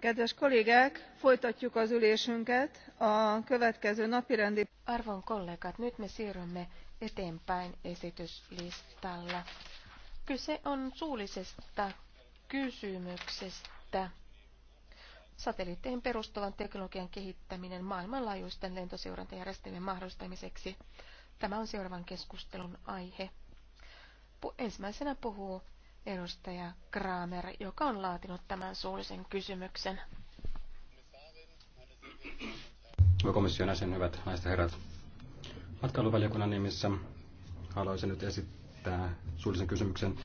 kedves kollégák folytatjuk az ülésünket a következő napirendi. arvon kollegat nyt me siirrymme eteenpäin esityslistalla. kyse on suullisesta kysymyksestä satelliitteihin perustuvan teknologian kehittäminen maailmanlaajuisten lentoseurantajärjestelmien mahdollistamiseksi. Tämä on seuraavan keskustelun aihe. Ensimmäisenä puhuu edustaja Kramer, joka on laatinut tämän suullisen kysymyksen. Komission jäsen, hyvät naiset ja herrat. Matkailuvaliokunnan nimissä haluaisin nyt esittää suullisen kysymyksen.